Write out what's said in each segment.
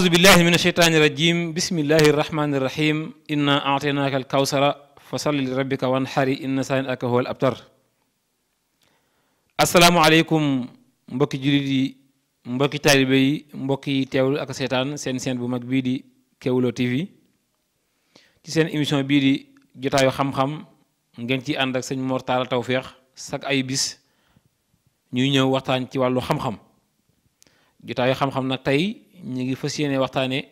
أعوذ بالله من الشيطان الرجيم بسم الله الرحمن الرحيم إنا أعطيناك الكوثر فصل لربك وانحر إن سائنك هو الأبتر السلام عليكم مبكي جريدي مبكي تاريبي مبكي تيول أكا سيطان سين سين بو مكبيدي كيولو تيفي تي سين إميشن بيدي جتايو خم خم نجن تي أندك سين مورتال توفيق ساك أي بيس نيو نيو وقتان تيوالو خم خم جتايو خم خم نكتاي ñu ngi fas yéene waxtaane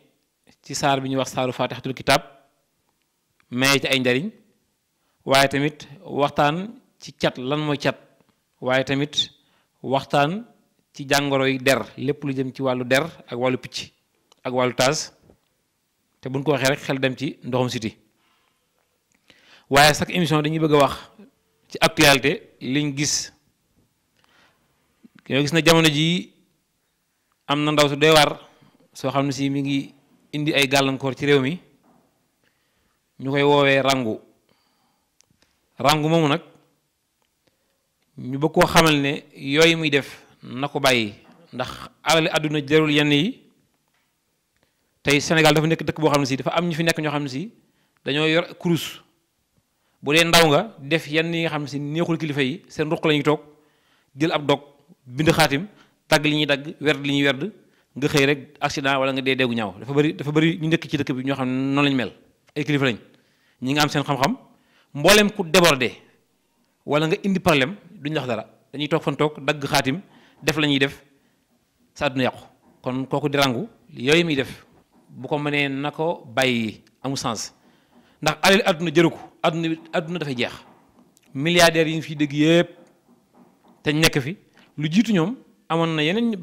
ci saar bi ñuy wax saaru faatixatul kitaab maye ci ay njariñ waaye tamit waxtaan ci cat lan mooy cat waaye tamit waxtaan ci jàngoro yi der lépp lu jëm ci wàllu der ak wàllu picc ak wàllu taas te buñ ko waxee rek xel dem ci ndoxum siti waaye chaque émission dañuy bëgg a wax ci actualité liñ gis yoo gis na jamono ji am na ndaw su doy waar soo xam ne si mi ngi indi ay gàllankoor ci réew mi ñu koy woowee rangu rangu moomu nag ñu bëgg koo xamal ne yooyu muy def na ko bàyyi ndax alali àdduna jarul yenn yi tey Sénégal dafa nekk dëkk boo xam ne si dafa am ñu fi nekk ñoo xam ne si dañoo yor kurus bu dee ndaw nga def yenn yi nga xam ne si neexul kilifa yi seen ruq lañuy toog jël ab dog bind xaatim tagg li ñuy dagg werd li ñuy werd nga xëy rek accident wala nga dee deegu ñaaw dafa bëri dafa bëri ñu nekk ci dëkk bi ñoo xam ne noonu lañ mel ay kilifa lañ ñi nga am seen xam-xam mbooleem ku débordé wala nga indi problème duñ wax dara dañuy toog fan dagg xaatim def la ñuy def sa àdduna yàqu kon kooku di rangu yooyu mi def bu ko mënee na ko bàyyi amul sens ndax alal àdduna jëru ko àdduna àdduna dafay jeex milliardaires yi ñu fi dégg yëpp te nekk fi lu jiitu ñoom amoon na yeneen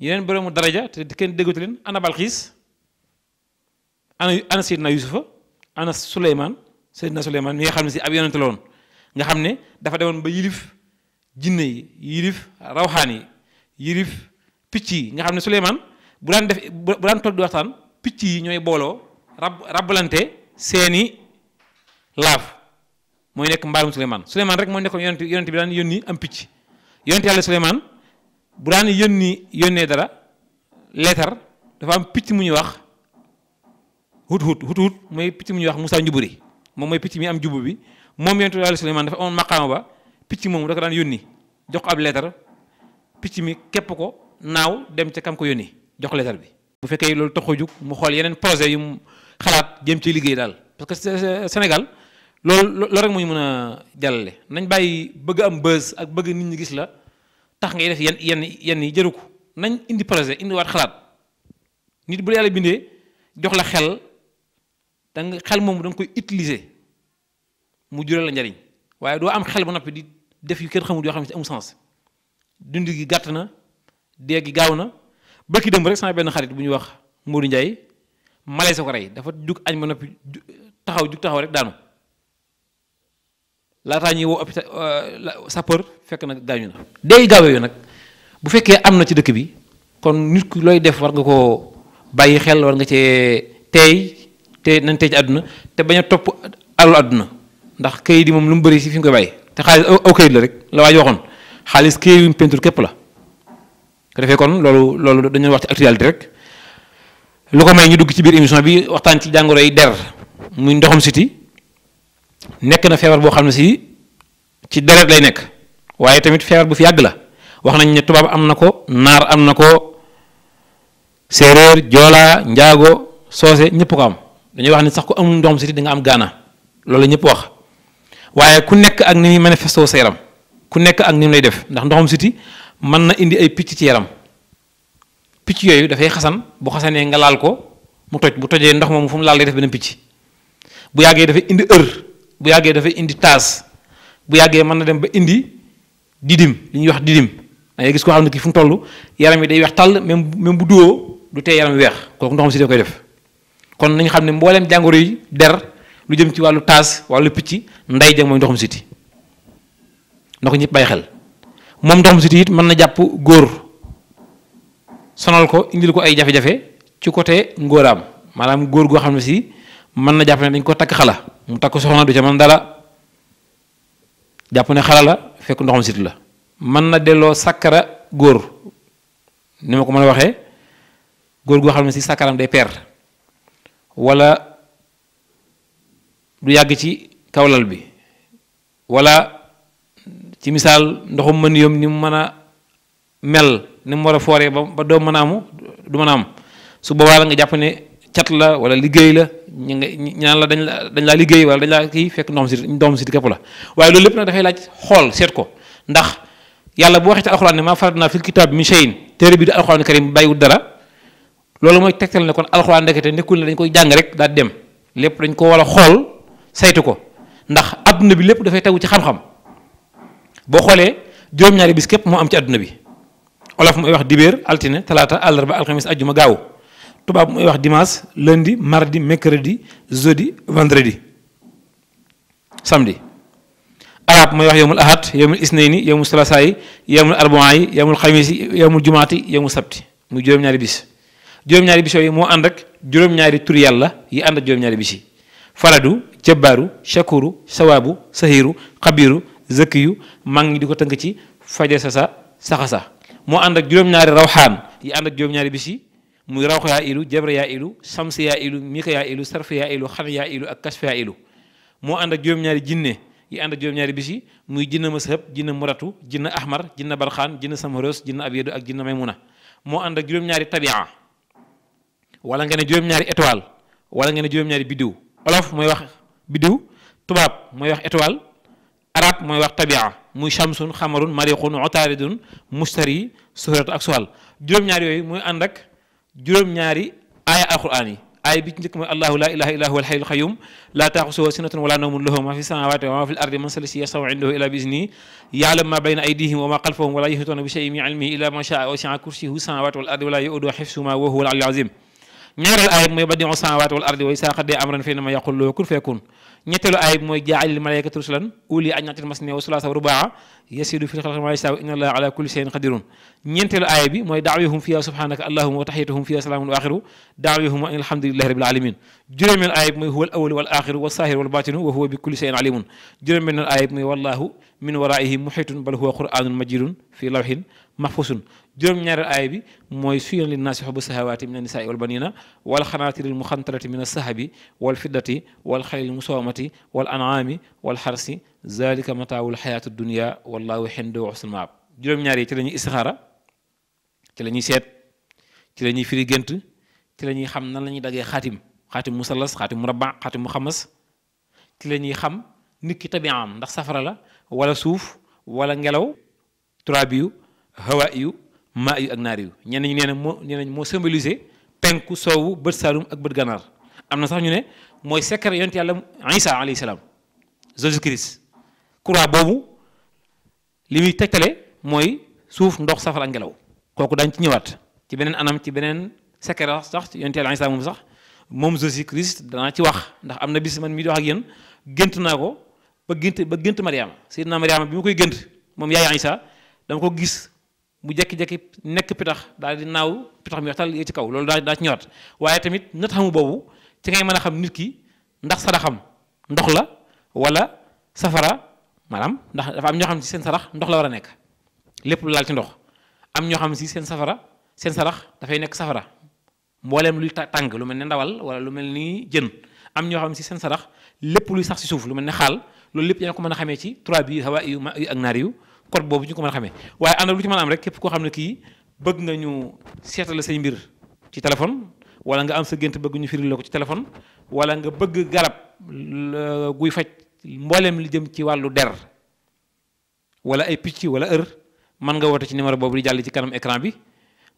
yeneen boroomu daraja te kenn déggatu leen ana Balxiis ana ana Seydina Yusufa ana Suleymaan Seydina Suleymaan mi nga xam ne si ab yonent la woon nga xam ne dafa demoon ba yilif jinne yi yilif rawxaan yi yilif picc yi nga xam ne Suleymaan bu daan def bu daan toog di waxtaan picc yi ñooy booloo rab rabbalante seeni laaf mooy nekk mbaalum Suleymaan Suleymaan rek mooy nekkoon yonent yonent bi daan yónni am picc yonent yàlla Suleymaan bu daan yónni yónnee dara leetar dafa am picc mu ñuy wax hut hut hut hut mooy picc mu ñuy wax Moussa Njuburi moom mooy picc mi am jubbu bi moom yonent Yàlla Suleymaan dafa amoon maqaama ba picc moomu da ko daan yónni jox ko ab leetar picc mi képp ko naaw dem ca kam ko yónni jox leetar bi. bu fekkee loolu taxu jug mu xool yeneen projet yu mu xalaat jëm ci liggéey daal parce que Sénégal loolu loolu rek moo ñu mën a jàllale nañ bàyyi bëgg am buzz ak bëgg nit ñu gis la. tax ngay def yenn yen yenn yi jëru ko nañ indi projet indi waat xalaat nit bu la yàlla bindee jox la xel da nga xel moom da koy utiliser mu jural la njariñ waaye doo am xel ba noppi di def yu kër xamul yoo xam ne amul sens dund gi gàtt na déggi gi gaaw na bëkki dem rek sama benn xarit bu ñuy wax Modou Ndiaye malaise ko rey dafa jug añ ba noppi taxaw jug taxaw rek daanu. la ñuy woo hôpital euh, sapeur fekk na gaañu na day gaaw yooyu bu fekkee amna na ci dëkk bi kon nit ku looy def war nga koo bàyyi xel war nga cee teey te nañ tey ci àdduna te bañ a topp àllu àdduna ndax këyit yi moom lu mu bëri si fi nga koy bàyyi te xaalis aw këyit la rek la waaj waxoon xaalis këyit yu mu peinture képp la ko defee kon loolu loolu dañu wax ci actualité rek lu ko may ñu dugg ci biir émission bi waxtaan ci jàngoro yi der muy ndoxum siti nekk na feebar boo xam ne si ci deret lay nekk waaye tamit feebar bu fi yàgg la wax nañ ne tubaab am na ko naar am na ko séeréer joola njaago soose ñëpp ko am dañuy wax ne sax ku amul ndoxam siti da am gaana loolu ñëpp wax waaye ku nekk ak ni muy manifesté sa yaram ku nekk ak ni mu lay def ndax ndoxum siti mën na indi ay picc ci yaram picc yooyu dafay xasan bu xasanee nga laal ko mu toj bu tojee ndox moomu fu mu laal lay def benn picc bu yàggee dafay indi bu yàggee dafay indi taas bu yàggee mën na dem ba indi didim li ñuy wax didim da ngay gis koo xam ne kii fu mu toll yaram yi day weex tàll même même bu duwoo du tee yaram weex kooku ndoxam si koy def kon nañu xam ne mbooleem yi der lu jëm ci wàllu taas wàllu picc nday ja mooy ndoxum siti na ko ñëpp bàyyi xel moom ndoxum siti it mën na jàpp góor sonal ko indil ko ay jafe-jafe ci côté ngóoraam maanaam góor goo xam si mën na jàpp ne dañ ko takk xala mu takk soxna du ca man dala jàpp ne xala la fekk ndoxam sit la mën na delloo sakkara góor ni ma ko mën a waxee góor goo xam ne si sakkaram day per wala du yàgg ci kawlal bi wala ci misaal ndoxum mën yoom ni mu mën a mel ni mu war a fooree ba doom mën amu du mën am su boobaa la nga jàpp ne cat la wala liggéey la ñu nga ñaan la dañ la dañ laa liggéey wala dañ laa kii fekk ndoom si ndoom si képp la waaye loolu lépp nag dafay laaj xool seet ko ndax yàlla boo waxee ci alxuraan ne maa faratnaa fil kitaab min shay'in téere bi di alxuraan karim bàyyiwul dara loolu mooy tegtal ne kon alxuraan ndekete nekkul ne dañ koy jàng rek daal dem lépp dañ ko war a xool saytu ko ndax adduna bi lépp dafay tegu ci xam-xam boo xoolee juróom-ñaari bis képp moo am ci adduna bi olof mooy wax dibéer altine talaata àllarba alxamis ajjuma tubaab muy wax dimanche lundi mardi mercredi jeudi vendredi samedi. arab mooy wax yowmul ahad yowmul isnayni yowmul salasaayi yowmul arbaayi yowmul xamisi yowmul jumaati yowmul sabti mu juróom-ñaari bis juróom-ñaari bis moo ànd ak juróom-ñaari tur yi ànd ak juróom-ñaari bis yi faradu jabbaaru shakuru sawaabu sahiru xabiru zakiyu maa ngi di ko tënk ci faje sa sa saxasa moo ànd ak juróom-ñaari rawxaan yi ànd ak juróom-ñaari bis muy rawx yaa ilu jabr yaa ilu sams yaa ilu mika yaa ilu sarf yaa ilu xat moo ànd ak juróom-ñaari yi ànd ak bisi muy jinna masahab jinna muratu jinna ahmar jinna barxaan jinna samaros jinna abyadu ak jinna maymuna moo ànd juróom-ñaari tabia wala nga ne juróom-ñaari wala nga ne juróom-ñaari mooy wax biddiw tubaab mooy wax étoile arab wax tabia muy shamsun xamarun mariqun otaaridun mustari suhratu ak suhal juróom-ñaari yooyu muy ànd ak جرم ناري آية القرآن آية بيتنك من الله لا إله إلا هو الحي القيوم لا تأخذه سنة ولا نوم له ما في السماوات وما في الأرض من سلسي يسوع عنده إلا بإذنه يعلم ما بين أيديهم وما خلفهم ولا يهتون بشيء من علمه إلا ما شاء وسع كرسيه السماوات والأرض ولا يؤد حفظهما وهو العلي العظيم ñaareel ayib mooy badi'u samaawaati wal ardi wa izaa qadaa amran fa innamaa yaquulu lahu kun fayakun ñetteelu ayib mooy jaa'ilil malaa'ikata rusulan ulii ajnihatin masnaa wa sulaasa wa rubaa'a yaziidu fil xalqi maa yashaa'u inna llaaha alaa kulli shay'in qadiirun ñeenteelu ayib bi mooy da'waahum fiihaa subhaanaka allaahumma wa tahiyyatuhum fiihaa salaamun wa aaxiru da'waahum anil hamdulillaahi rabbil aalamiin juróomeel ayib mooy huwal awwalu wal aaxiru was zaahiru wal baatinu wa huwa bi kulli shay'in aliimun juróomeel ayib mooy wallaahu min waraa'ihim muhiitun bal huwa qur'aanun majiidun fii lawhin mahfusun juróom-ñaareel aay bi mooy suyina lin naasi xubbu sahawaati min annisaai wal banina wal xanaatiri muxantarati min assahabi wal fiddati wal xaylil musoomati wal anaami wal xarsi zalika mataawul xayaatu dunia wallahu xindu xusnul maab juróom-ñaar yi ci la ñuy istixaara ci la ñuy seet ci la ñuy firi gént ci la ñuy xam nan la ñuy daggee xaatim xaatim musallas xaatim murabba xaatim muxamas ci la ñuy xam nit ki tabiaam ndax safara la wala suuf wala ngelaw turaabiyu hawaa yu maa yu ak naar yu ñenn ñi nee moo nee nañ moo symbolisé penku soowu bët saalum ak bët gànnaar am na sax ñu ne mooy secret yonent yàlla Isa alayhi salaam Jésus Christ boobu li muy tegtale mooy suuf ndox safara ak ngelaw kooku daañ ci ñëwaat ci beneen anam ci beneen secret sax yonent yàlla Isa moom sax moom Jésus Christ danaa ci wax ndax am na bis man mii di ak yéen gént naa ko ba gént ba gént Mariama Seydina Mariama bi ma koy gént moom yaay Isa dama ko gis bu jekki-jekki nekk pitax daal di naaw pitax mi waxtal ci kaw loolu daal daa ci ñëwaat waaye tamit nët xamu boobu ci ngay mën a xam nit ki ndax saraxam ndox la wala safara maanaam ndax dafa am ñoo seen sarax ndox la war a nekk lépp lu laal ci ndox am ñoo xam si seen safara seen sarax dafay nekk safara mbooleem luy tàng lu mel ne ndawal wala lu mel ni jën am ñoo xam si seen sarax lépp luy sax si suuf lu mel ne xaal loolu lépp yaa ko mën a xamee ci trois bi hawa yu ak naar yu code boobu ñu ko mën a xamee waaye ànd lu ci mën a am rek képp koo xam ne kii bëgg nga ñu seetale say mbir ci téléphone wala nga am sa gént bëgg ñu firil la ko ci téléphone wala nga bëgg garab guy faj mboolem li jëm ci wàllu der wala ay picc wala ër mën nga woote ci numéro boobu di jàll ci kanam écran bi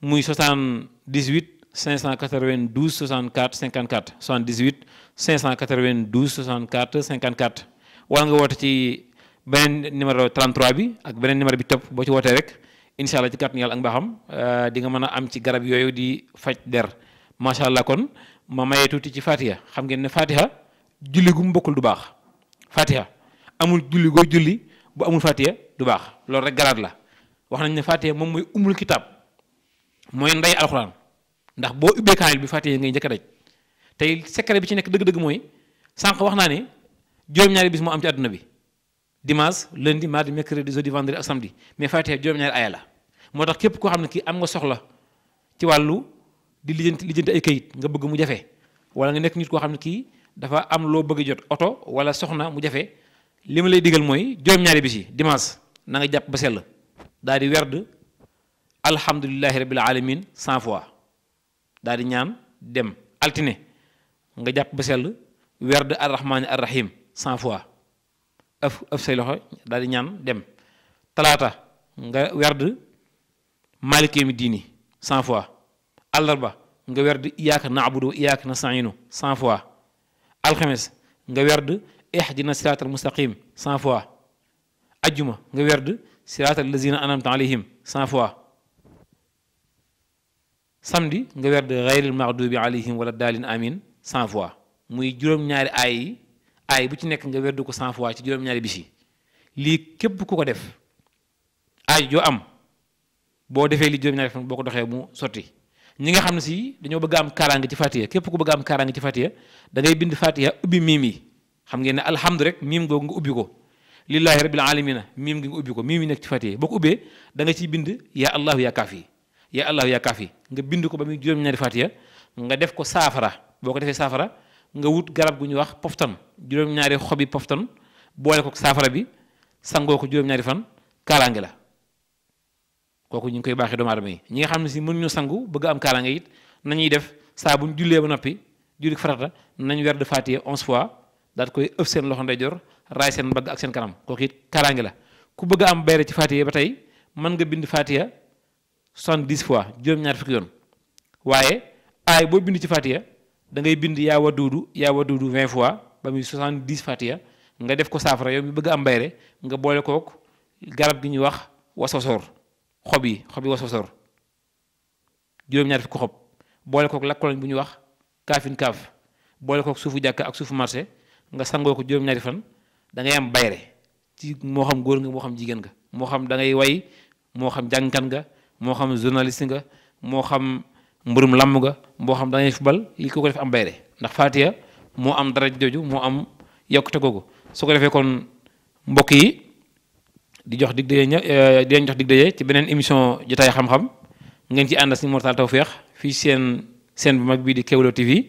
muy 78 592 64 54 78 592 64 54 wala nga woote ci benen numéro 33 bi ak benen numéro bi top bo ci woté rek inshallah allah ci kàttan ñal ak euh di nga mëna am ci garab yoyu di fajj der machallah allah kon ma maye tuti ci fatiha xam ngeen ne fatiha julli gu du bax fatiha amul julli go julli bu amul fatiha du bax lool rek garaat la wax nañ ne fatiha mom moy umul kitab moy nday alxuraan ndax bo ubbe kaamil bi fatiha ngay jëk daj tay secret bi ci nek deug deug moy sank wax na ni joom ñaari bis mo am ci aduna bi. dimanche lundi mardi mercredi jeudi vendredi ak samedi mais Fatiha juróom-ñaari aaya la moo tax képp koo xam ne kii am nga soxla ci wàllu di lijjanti lijjanti ay kayit nga bëgg mu jafe wala nga nekk nit koo xam ne kii dafa am loo bëgg jot oto wala soxna mu jafe li ma lay digal mooy juróom-ñaari bis yi dimanche na jàpp ba sell daal di werd alhamdulilahi rabil alamin cent fois daal di ñaan dem altine nga jàpp ba sell werd arrahmani arrahim cent fois ëf ëf say loxo daal di ñaan dem talaata nga werd maliki mi diini cent fois àllarba nga werd iyaaka naabudu wa iyaaka nastainu cent fois alxames nga werd ihdina siraatal mustaqim cent fois ajjuma nga werd siraatal lazina anamta alayhim cent fois samedi nga werd gayril maxdubi alayhim wala daalin amin cent fois muy juróom-ñaari aay yi ay bu ci nekk nga werdu ko cent fois ci juróom-ñaari bis lii képp ku ko def ay joo am boo defee lii juróom-ñaari fan boo ko doxee mu sotti ñi nga xam ne si dañoo bëgg am kaaraange ci fatiha képp ku bëgg am kaaraange ci fatiha dangay ngay bind fatiha ubbi miim yi xam ngeen ne alhamdu rek miim googu nga ubbi ko lillahi rabbil alamina miim ngi nga ubbi ko miim yi nekk ci fatiha boo ko ubbee danga nga ciy bind yaa allahu yaa kaafi yaa allahu yaa kaafi nga bind ko ba muy juróom-ñaari fatiha nga def ko saafara boo saafara nga wut garab gu wax poftan juroom ñaari xobi poftan boole ko safara bi sangoo ko juroom ñaari fan kaaraange la kooku ñu koy baxé doomu aadama ñi nga xamni ci mënu ñu sangu bëgg am kaaraange it nañuy def sa buñ jullé ba nopi julli farata nañ de faatiye 11 fois dal koy euf seen loxo ndeyjoor ray seen bëgg ak seen kanam koku it kaaraange la ku bëgg am bayre ci faatiye ba tay man nga bind faatiya 70 fois juroom ñaar fukki yoon waaye ay bo bind ci da ngay bind yaa waduudu yaa waduudu vingt fois ba muy soixante dix fatiya nga def ko saafara yow mi bëgg am bayre nga boole kook garab gi ñuy wax wasosoor xob yi xob yi wasosoor juróom-ñaar fukki xob boole kook lakkoloñ bu ñuy wax kaafin kaaf boole kook suufu jàkka ak suufu marché nga sangoo ko juróom-ñaari fan dangay am bayre ci moo xam góor nga moo xam jigéen nga moo xam da ngay way moo xam jàngkat nga moo xam journaliste nga moo xam mburum làmm ga boo xam dañuy fubal li ko ko def am bayre ndax fatia mo am dara jooju mo am yokta gogo su ko defé kon mbok yi di jox dig deye eh, di jox dig deye ci benen émission jotaay xam-xam ngeen ci andas ni Mortal tawfiq fi sen sen bu mag bi di kewlo TV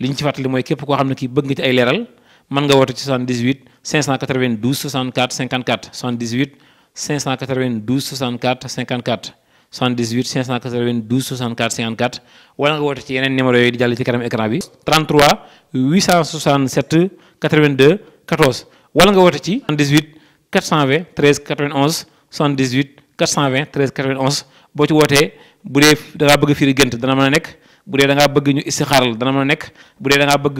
liñ ci fatali moy kep ko xamne ki bëgg ci ay leeral man nga woote ci 78 592 64 54 78 592 64 54. 78 592 64 54 wala nga woote ci yeneen numéro yooyu di jàll ci kanam écran bi 33 867 82 14 wala nga woote ci 78 420 13 91 78 420 13 91 boo ci wootee bu dee da ngaa bëgg firi gént dana mën nekk bu dee da bëgg ñu istixaaral dana mën nekk bu dee da bëgg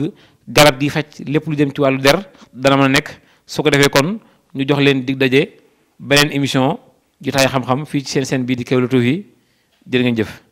garab gi faj lépp lu jëm ci wàllu der dana mën nekk su ko defee kon ñu jox leen dig daje beneen émission jotaay xam-xam fii ci seen seen bii di Kéwoulo TV jërë ngeen jëf.